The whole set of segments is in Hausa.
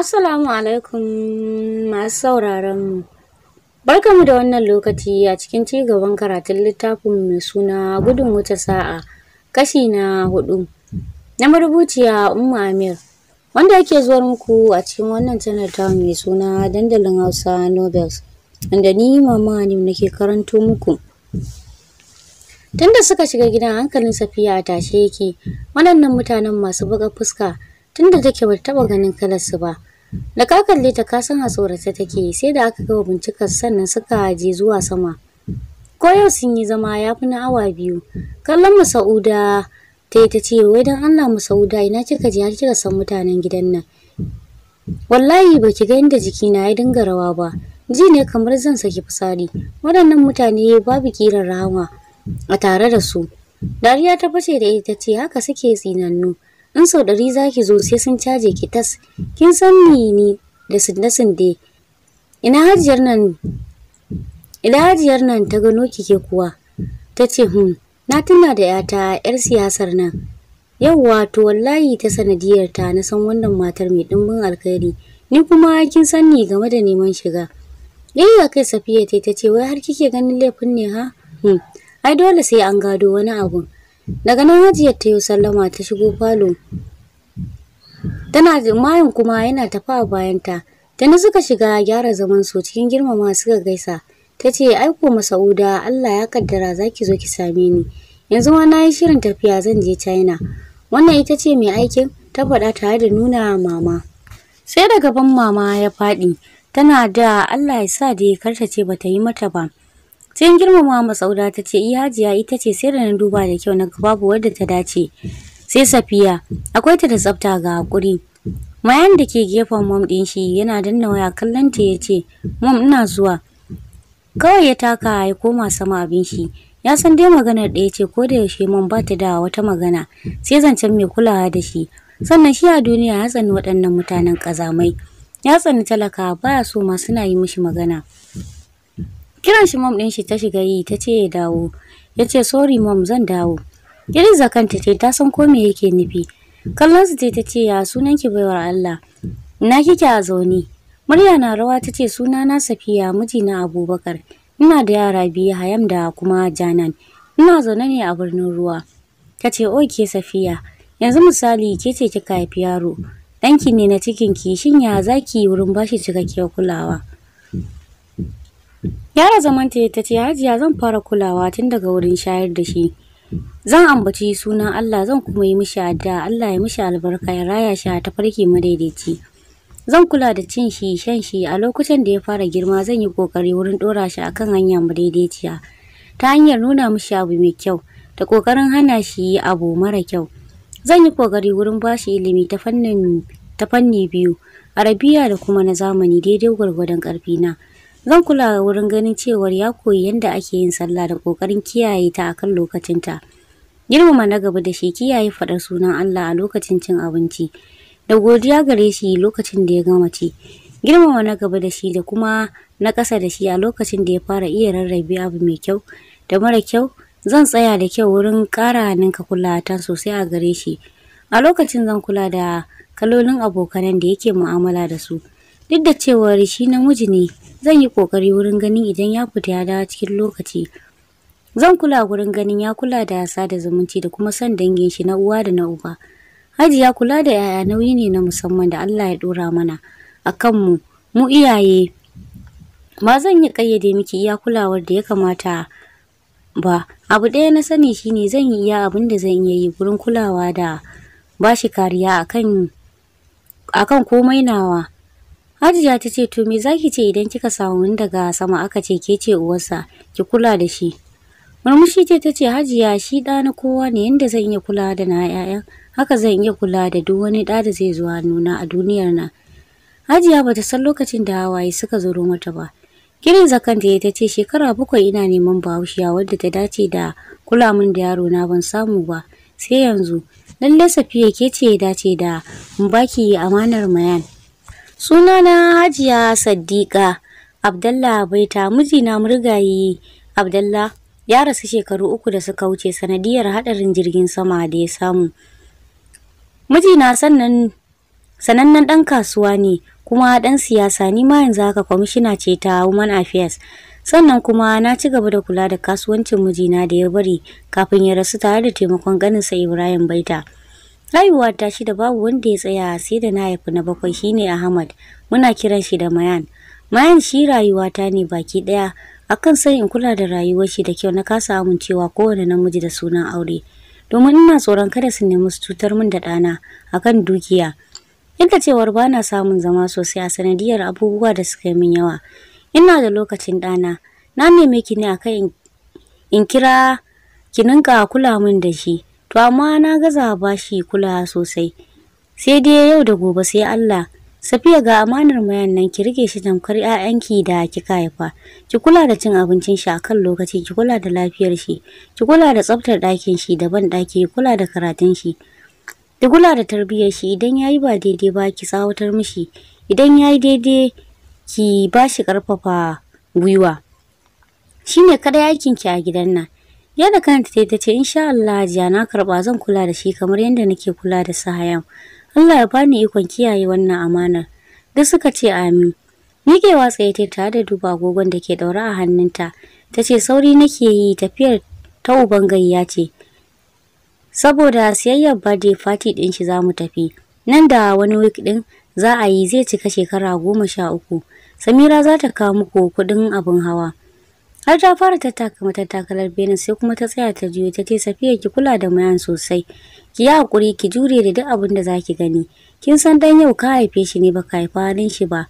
Assalamu alaikum masu sauraron mu. Barkamu da wannan lokaci a cikin ci gaban karatun littafin mai suna gudun wuce sa'a kashi na hudu na marubuciya Umma Amir wanda yake zuwar muku a cikin wannan channel ta mai suna dandalin Hausa Nobels wanda ni mama ne nake karanto muku. Tunda suka shiga gidan hankalin Safiya a tashe yake, waɗannan mutanen masu buga fuska tunda take bata taɓa ganin kalarsu ba Da ka kalle ta ka san a tsorata take sai da aka gama bincikar sannan suka je zuwa sama. Ko yau sun yi zama ya fi na awa biyu. Kallon Masa'uda ta yi ta ce wai don Allah Masa'uda ina kika je har kika san mutanen gidan nan. Wallahi ba ki ga inda jikina ya dinga rawa ba. Ji ne kamar zan saki fitsari. Waɗannan mutane babu kiran rahama a tare da su. Dariya ta fashe da ita ce haka suke tsinannu. in sau ɗari za ki zo sai sun caje ki tas kin san ni ni da sinde sinde ina hajiyar nan ina hajiyar nan ta gano ki ke kuwa ta ce hmm, na tuna da yata yar siyasar nan yau wato wallahi ta sanadiyar ta na san wannan matar mai dimbin alkhairi ni kuma kin san ni game da neman shiga yayya kai safiya ta ce wai har kike ganin laifin ne ha hmm ai dole sai an gado wani abu. daga nan hajiyar ta yi sallama ta shigo falo tana mayan kuma yana tafa a bayanta tana suka shiga gyara zaman su cikin girmama suka gaisa ta ce aiko masauda allah ya kaddara za ki zo ki same ni yanzu ma na yi shirin tafiya zan je china wannan ita ce mai aikin ta faɗa tare da nuna mama sai daga ban mama ya faɗi tana da allah ya sa dai karta ce bata yi mata ba Cikin girmama Masauda ta ce iya hajiya ita ce sai da na duba da kyau na babu wadda ta dace. Sai Safiya akwai ta da tsafta ga hakuri. Mayan da ke gefen mom ɗin shi yana danna waya kallon ta ya ce mom ina zuwa. Kawai ya taka ya koma sama abin shi. Ya san dai maganar ɗaya ce ko da yaushe mom ba ta da wata magana sai zancen mai kulawa da shi. Sannan shi a duniya ya tsani waɗannan mutanen ƙazamai. Ya tsani talaka baya so ma suna yi mishi magana. Kiran shi mom ɗin shi ta shiga yi ta ce ya dawo. Ya ce sorry mom zan dawo. zakan kanta ce ta san ko me yake nufi. Kallon su ta ce ya sunan ki baiwar Allah. Na kike a zaune. Murya na rawa ta ce suna na Safiya mijina Abubakar. Ina da yara biyu Hayam da kuma Janan. Ina zaune ne a birnin ruwa. Ta ce oke Safiya. Yanzu misali ke ce kika haifi yaro. Ɗanki ne na cikin ki shin ya zaki wurin bashi cikakkiyar kulawa. Yara zamanta ta ce Hajiya zan fara kulawa tun daga wurin shayar da shi. Zan ambaci sunan Allah zan kuma yi mishi addu'a Allah ya mishi albarka ya raya shi ta tafarki, madaidaici. Zan kula da cin shi shan shi a lokacin da ya fara girma zan yi kokari wurin dora shi akan hanya madaidaiciya ta hanyar nuna mishi abu mai kyau da kokarin hana shi abu mara kyau. Zan yi kokari wurin ba shi ilimi ta ta fanni biyu Arabiya da kuma na zamani daidai gwargwadon ƙarfina. na. Zan kula wurin ganin cewar ya koyi yadda ake yin sallah da ƙoƙarin kiyaye ta a kan lokacinta. Girmama na gaba da shi kiyaye faɗar sunan Allah a lokacin cin abinci da godiya gare shi lokacin da ya gama ci. Girmama na gaba da shi da kuma na ƙasa da shi a lokacin da ya fara iya rarrabe abu mai kyau da mara kyau zan tsaya da kyau wurin ƙara ninka kula ta sosai a gare shi. A lokacin zan kula da kalolin abokanan da yake mu'amala da su. Duk da cewa shi namiji ne, zan yi ƙoƙari wurin ganin idan ya fita ya dawo cikin lokaci. Zan kula wurin ganin ya kula da yasa da zumunci da kuma son dangin shi na uwa da na uba. Hajiya kula da yaya nauyi ne na musamman da Allah ya ɗora mana a kanmu, mu iyaye. Ba zan yi ƙayyade miki iya kulawar da ya kamata ba. Abu ɗaya na sani shine zan yi iya abin da zan iya yi wurin kulawa da bashi kariya akan akan komai nawa. Hajiya ta ce to me zaki ce idan kika samu wani daga sama aka ce ke ce uwarsa ki kula da shi. Murmushi ce ta ce Hajiya shi ɗa na kowa ne yanda zan iya kula da na yayan haka zan iya kula da duk wani ɗa da zai zuwa nuna a duniyar na. Hajiya bata san lokacin da hawaye suka zuro mata ba. Kirin zakan da ta ce shekara bakwai ina neman bahaushiya wadda ta dace da kula min da yaro na ban samu ba sai yanzu. Lallai Safiya ke ce ya dace da in baki amanar mayan. Sunana Hajiya Saddiƙa Abdallah Baita mijina murgayi Abdallah ya rasu shekaru uku da suka wuce sanadiyar haɗarin jirgin sama da ya samu. Mijina sannan sanannen ɗan kasuwa ne kuma ɗan siyasa ni ma yanzu haka kwamishina ce ta Human Affairs. Sannan kuma na ci gaba da kula da kasuwancin mijina da ya bari kafin ya rasu tare da taimakon ganinsa Ibrahim Baita. Rayuwa ta shi da babu wanda ya tsaya sai da na haifi na bakwai shine Ahmad. Muna kiran shi da Mayan. Mayan shi rayuwa ta ne baki daya. Akan san in kula da rayuwar shi da kyau na kasa amincewa kowane namiji da sunan aure. Domin ina tsoron kada su nemi su cutar min da ɗana akan dukiya. Inda cewar bana samun zama sosai a sanadiyar abubuwa da suka yi min yawa. Ina da lokacin ɗana. Na neme ki ne akan in kira ki ninka kula min da shi. to amma na gaza ba shi kulawa sosai sai dai yau da gobe sai Allah Safiya ga amanar mayan nan ki rike shi tamkar ƴaƴanki da kika haifa. Ki kula da cin abincin shi akan lokaci, ki kula da lafiyar shi, ki kula da tsaftar ɗakin shi da ban ɗaki, kula da karatun shi. Ki kula da tarbiyyar shi idan yayi ba daidai ba ki tsawatar mishi. Idan yayi daidai ki ba shi ƙarfafa gwiwa. Shine kada yakin ki a gidan nan. Ya da kanta ta ce, insha Allah jiya na karba zan kula da shi kamar yadda nake kula da Sahayam. Allah ya bani ikon kiyaye wannan amanar. Duk suka ce amin. Miƙewa tsaye ta tare da duba agogon da ke daure a hannunta. Ta ce sauri nake yi tafiyar ta uban gayya ce. Saboda siyayyar birthday fati din shi za mu tafi. Nan da wani week din za a yi zai cika shekara goma sha uku. Samira za ta kawo muku kuɗin abin hawa. har ta fara tattaka matattakalar benin sai kuma ta tsaya ta juyo ta ce safiya ki kula da mayan sosai ki yi hakuri ki jure da duk abin da zaki gani kin san dan yau ka haife shi ne baka haifa halin shi ba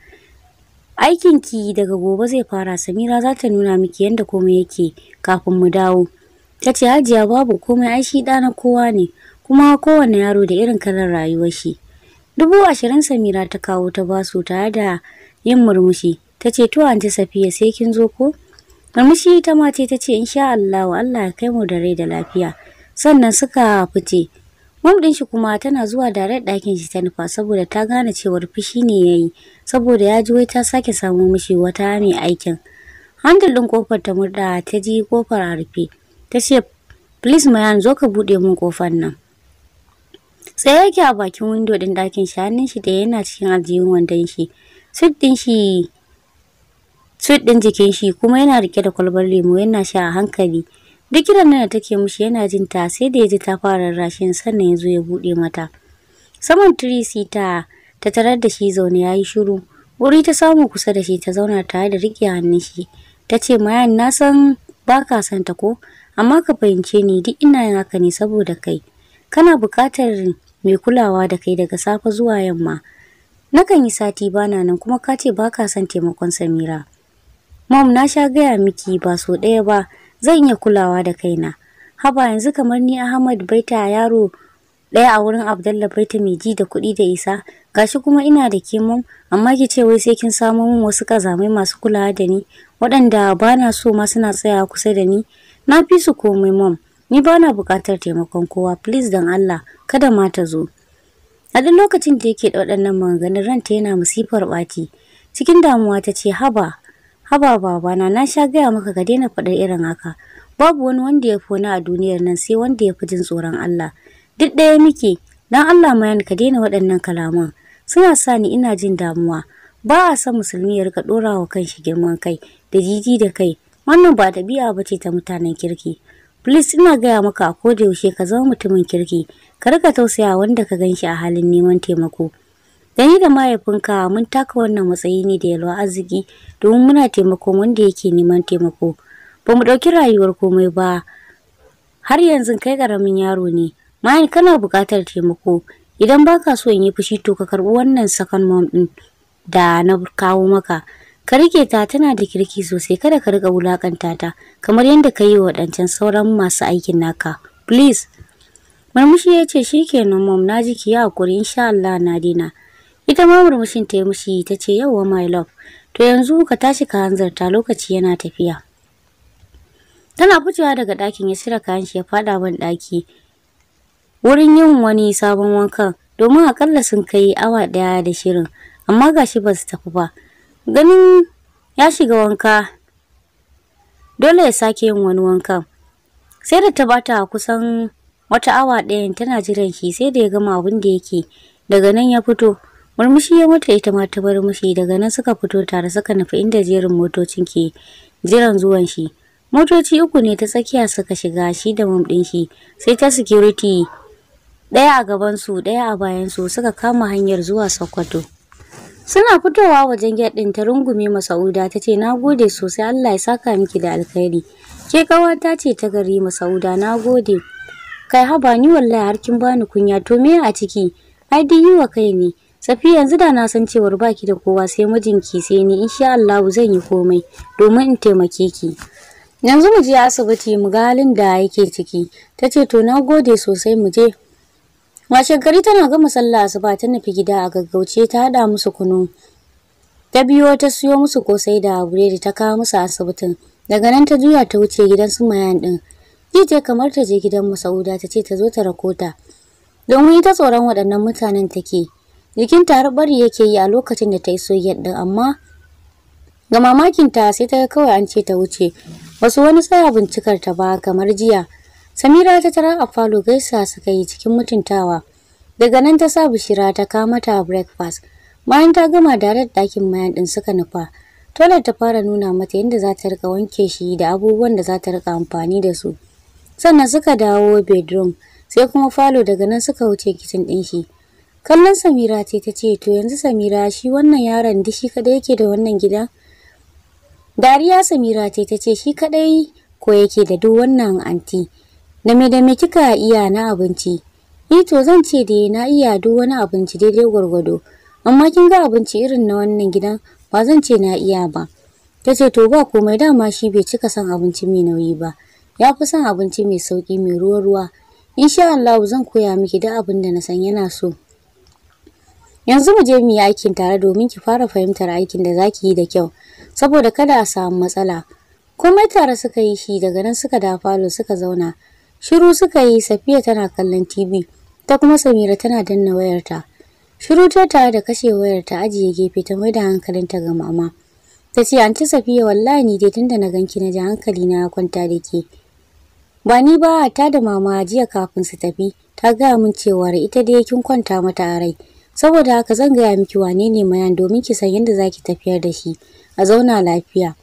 aikin ki daga gobe zai fara samira za ta nuna miki yadda komai yake kafin mu dawo ta ce hajiya babu komai ai shi ɗa na kowa ne kuma kowane yaro da irin kalar rayuwar shi dubu ashirin samira ta kawo ta basu tare da yin murmushi ta ce to ji safiya sai kin zo ko Murmushi ita mace ta ce insha Allah wa Allah ya kai mu da rai da lafiya. Sannan suka fice. Mom ɗin shi kuma tana zuwa da rai ɗakin shi ta nufa saboda ta gane cewar fushi ne ya yi saboda ya ji wai ta sake samu mishi wata mai aikin. Handle ɗin kofar ta murda ta ji kofar a rufe. Ta ce please mayan zo ka buɗe min kofar nan. Sai yake a bakin windo ɗin ɗakin shi hannun shi da yana cikin aljihun wandon shi. Sweet ɗin shi Sweet ɗin jikin shi kuma yana rike da kwalbar lemo yana sha a hankali. Duk kiran nan da take mishi yana jin ta sai da ya ji ta fara rashin sannan ya zo ya buɗe mata. Saman sita ta tarar da shi zaune ya yi shiru. Wuri ta samu kusa da shi ta zauna tare da riƙe hannun shi. Ta ce mayan na san ba ka son ta ko amma ka fahimce ni duk ina yin haka ne saboda kai. Kana buƙatar mai kulawa da kai daga safe zuwa yamma. Nakan yi sati bana nan kuma ka ce ba ka son taimakon Samira. Mom na sha gaya miki ba so ɗaya ba zan iya kulawa da kaina. Haba yanzu kamar ni Ahmad Baita yaro ɗaya a wurin Abdalla Baita mai ji da kuɗi da isa gashi kuma ina da ke mom amma ki ce wai sai kin samo min wasu kazamai masu kulawa da ni waɗanda ba na so ma suna tsayawa kusa da ni na fi su komai mom ni ba na buƙatar taimakon kowa please dan Allah kada ma ta zo. A duk lokacin da yake da waɗannan maganganun ranta yana musifar ɓaci cikin damuwa ta ce haba haba babana na sha gaya maka ka daina faɗar irin haka babu wani wanda ya fi wani a duniyar nan sai wanda ya fi jin tsoron Allah duk ɗaya muke dan Allah mayan ka daina waɗannan kalaman suna sa ni ina jin damuwa ba a san musulmi ya rika ɗora wa kanshi girman kai da jiji da kai wannan ba ɗabi'a ba ce ta mutanen kirki please ina gaya maka a koda yaushe ka zama mutumin kirki ka rika tausaya wanda ka ganshi a halin neman taimako Gani da mahaifinka mun taka wannan matsayi ne da yalwa arziki domin muna taimakon wanda yake neman taimako. Ba mu ɗauki rayuwar komai ba. Har yanzu kai ƙaramin yaro ne. Mayan kana buƙatar taimako. Idan ba ka so in yi fushi to ka karɓi wannan second mom ɗin da na kawo maka. Ka rike ta tana da kirki sosai kada ka rika wulaƙanta ta kamar yadda ka yi wa waɗancan sauran masu aikin naka. Please. Murmushi ya ce shikenan mom na ji ki yi haƙuri insha Allah na dina. Ita ma murmushin ta yi mushi ta ce yawwa my love, to yanzu ka tashi ka hanzarta lokaci yana tafiya. Tana fitowa daga ɗakin ya cire kayan shi ya faɗa ban ɗaki. Wurin yin wani sabon wankan domin a ƙalla sun kai awa ɗaya da shirin amma ga shi ba su tafi ba. Ganin ya shiga wanka dole ya sake yin wani wankan. Sai da ta bata kusan wata awa ɗayan tana jiran shi sai da ya gama abin da yake daga nan ya fito murmushi ya mata ita ma ta bar mushi daga nan suka fito tare suka nufi inda jerin motocin ke jiran zuwan shi motoci uku ne ta tsakiya suka shiga shi da mum din shi sai ta security ɗaya a gaban su ɗaya a bayan su suka kama hanyar zuwa Sokoto suna fitowa wajen gate ɗin ta rungume Masauda tace ce nagode sosai Allah ya saka miki da alkhairi ke kawata ce ta gari Masauda nagode kai haba ni wallahi har kin bani kunya to me a ciki ai dai yiwa kai ne Safi yanzu da na san cewar baki da kowa sai mijinki sai ni insha Allah zan yi komai domin in taimake ki. Yanzu mu je asibiti mu ga halin da yake ciki. Ta ce to na gode sosai mu je. Washe gari tana gama sallah asuba ta nufi gida a gaggauce ta haɗa musu kunu. Ta biyo ta siyo musu kosai da buredi ta kawo musu asibitin. Daga nan ta juya ta wuce gidan su mayan ɗin. ce kamar ta je gidan Masauda ta ce ta zo ta rakota. Domin ita tsoron waɗannan mutanen take. jikin ta bari yake yi a lokacin da ta yi gate din amma ga mamakinta sai ta kawai an ce ta wuce wasu wani tsaya bincikar ta ba kamar jiya Samira ta tara a falo gaisa suka yi cikin mutuntawa daga nan ta sa Bishira ta kama ta breakfast bayan ta gama da ɗakin mayan din suka nufa tole ta fara nuna mata yadda za ta rika wanke shi da abubuwan da za ta rika amfani da su. Sannan suka dawo bedroom, sai kuma falo daga nan suka wuce kitchen ɗin shi. Kallon Samira ce ta ce to yanzu Samira shi wannan yaron da shi kadai yake da wannan gidan. Dariya Samira ce ta ce shi kadai ko yake da duk wannan anti. Na me da me kika iya na abinci? Ni e to zan ce da na iya duk wani abinci daidai gwargwado. Amma kin ga abinci irin na wannan gidan ba zan ce na iya ba. Ta ce to ba komai dama shi bai cika son abinci mai nauyi ba. Ya fi son abinci mai sauki mai ruwa-ruwa. Insha Allah zan koya miki duk abin da na san yana so. Yanzu mu je mu yi aikin tare domin ki fara fahimtar aikin da zaki yi da kyau, saboda kada a samu matsala. Komai tare suka yi shi daga nan suka da falo suka zauna. Shiru suka yi Safiya tana kallon TV, ta kuma Samira tana danna wayarta. Shiru ta tare da kashe wayarta ajiye gefe ta mai da hankalinta ga mama. Ta ce, Anti Safiya wallahi ni dai tunda na ganki na ji hankali na kwanta da ke. Ba ni ba ta da mama jiya kafin su tafi, ta gaya min cewa ita dai kin kwanta mata a rai. saboda haka zan gaya miki wane ne mayan domin ki san yadda zaki tafiyar da shi a zauna lafiya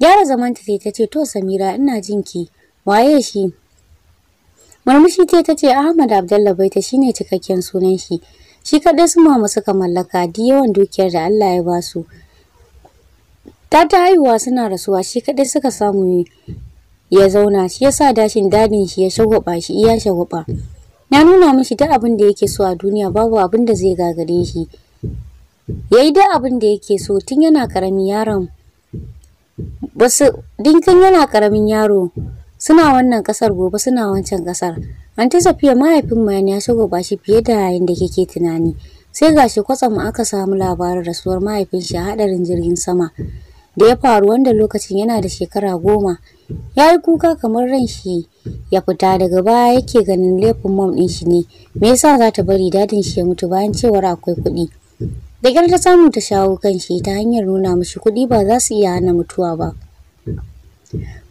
gyara zaman ta ta ce to samira ina jin ki waye shi murmushi ta ta ce ahmad bai ta shine cikakken sunan shi shi kadai su mama suka mallaka di yawan dukiyar da allah ya ba su ta ta haihuwa suna rasuwa shi kaɗai suka samu ya zauna shi yasa dashin dadin shi ya shagwaba shi iya shagwaba na nuna mishi duk abin da yake so a duniya babu abin da zai gagare shi ya duk abin da yake so tun yana karamin yaron basu dinkin yana karamin yaro suna wannan kasar gobe suna wancan kasar anti safiya mahaifin ma ya shugaba shi fiye da yayin da kike tunani sai gashi kwatsam aka samu labarin rasuwar mahaifin shi a hadarin jirgin sama da ya faru wanda lokacin yana da shekara goma ya yi kuka kamar ran shi ya fita daga baya yake ganin laifin mom ɗin shi ne me yasa za ta bari dadin shi ya mutu bayan cewar akwai kuɗi da ƙyar ta samu ta shawo kan shi ta hanyar nuna mishi kuɗi ba za su iya hana mutuwa ba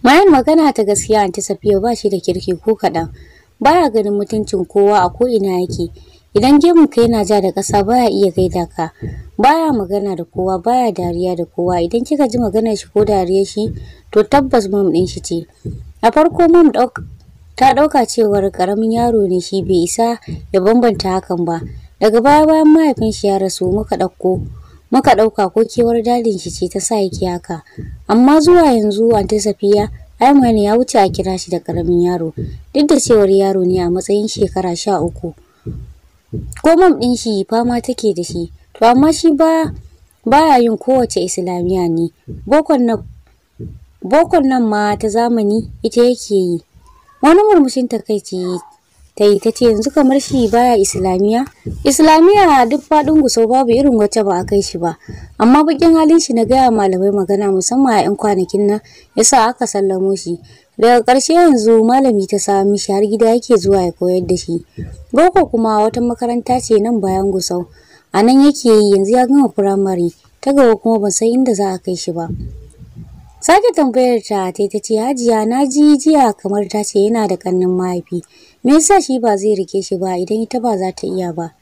mayan magana ta gaskiya anti safiya ba shi da kirki ko kaɗan baya ganin mutuncin kowa a ko'ina yake idan gemun ka yana ja da ƙasa baya iya gaida ka baya magana da kowa baya dariya da kowa idan kika ji maganar shi ko dariyar shi to tabbas mom din shi ce a farko mom ta dauka cewar karamin yaro ne shi bai isa ya bambanta hakan ba daga baya bayan mahaifin shi ya rasu muka dauko muka dauka ko kewar dadin shi ce ta sa yake haka amma zuwa yanzu anti safiya Aiman ya wuce a kira shi da karamin yaro duk da cewar yaro ne a matsayin shekara sha uku ko mam din shi fama take da shi to amma shi ba baya yin kowace islamiyya ne bokon nan bokon nan ma ta zamani ita yake yi wani murmushin takaici ta yi ta ce yanzu kamar shi baya islamiya islamiya duk faɗin guso babu irin wacce ba a kai shi ba amma bakin halin shi na gaya malamai magana musamman a 'yan kwanakin nan yasa aka sallamo shi daga ƙarshe yanzu malami ta sami shi har gida yake zuwa ya koyar da shi boko kuma wata makaranta ce nan bayan gusau a nan yake yi yanzu ya gama firamare ta gaba kuma ban san inda za a kai shi ba sake tambayar ta ta ta ce hajiya na ji jiya kamar ta ce yana da kannin mahaifi me yasa shi ba zai rike shi ba idan ita ba za ta iya ba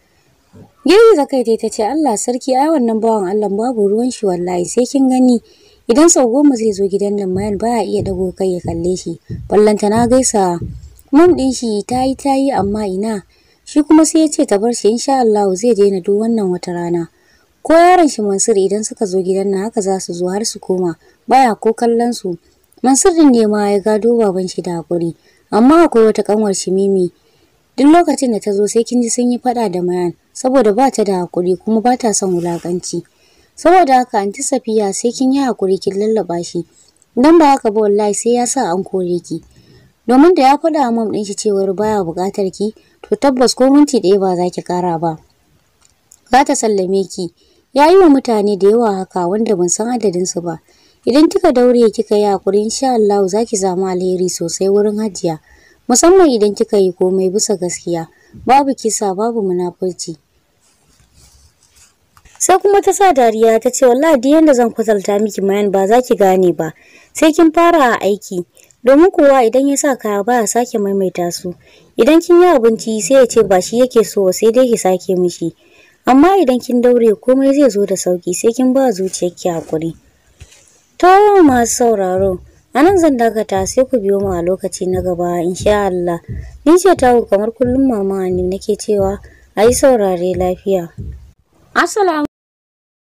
girgiza kai ta ce Allah sarki ai wannan bawan Allah babu ruwan shi wallahi sai kin gani idan sau goma zai zo gidan nan mayan ba iya dago kai ya kalle shi ballanta na gaisa mun din shi ta yi, amma ina Shi kuma sai ya ce ta bar shi insha Allah zai daina duk wannan wata rana. Ko yaron shi Mansur idan suka zo gidan nan haka za su zo har su koma baya ko kallon su. Mansur din ne ma ya gado baban shi da hakuri amma akwai wata kanwar shi Mimi duk lokacin da ta zo sai kin ji sun yi fada da Mayan saboda ba ta da hakuri kuma ba ta son wulakanci. Saboda haka anti Safiya sai kin yi hakuri kin lallaba shi. Dan ba haka ba wallahi sai ya sa an kore ki. domin da ya faɗa mam ɗin shi cewar baya buƙatar ki to tabbas ko minti ɗaya ba za ki ƙara ba za ta sallame ki ya yi wa mutane da yawa haka wanda ban san adadin su ba idan kika daure kika yi hakuri insha Allah za ki samu alheri sosai wurin hajiya musamman idan kika yi komai bisa gaskiya babu kisa babu munafurci sai kuma ta sa dariya ta ce wallahi duk yanda zan kwatanta miki mayan ba za ki gane ba sai kin fara aiki domin kuwa idan ya sa kaya ba a sake maimaita su idan kin yi abinci sai ya ce ba shi yake so sai dai ki sake mishi amma idan kin daure komai zai zo da sauki sai kin ba ki hakuri to masu sauraro a nan zan dakata sai ku biyo mu a lokaci na gaba insha Allah ni ce tawo kamar kullum mama ne nake cewa ayi saurare lafiya assalamu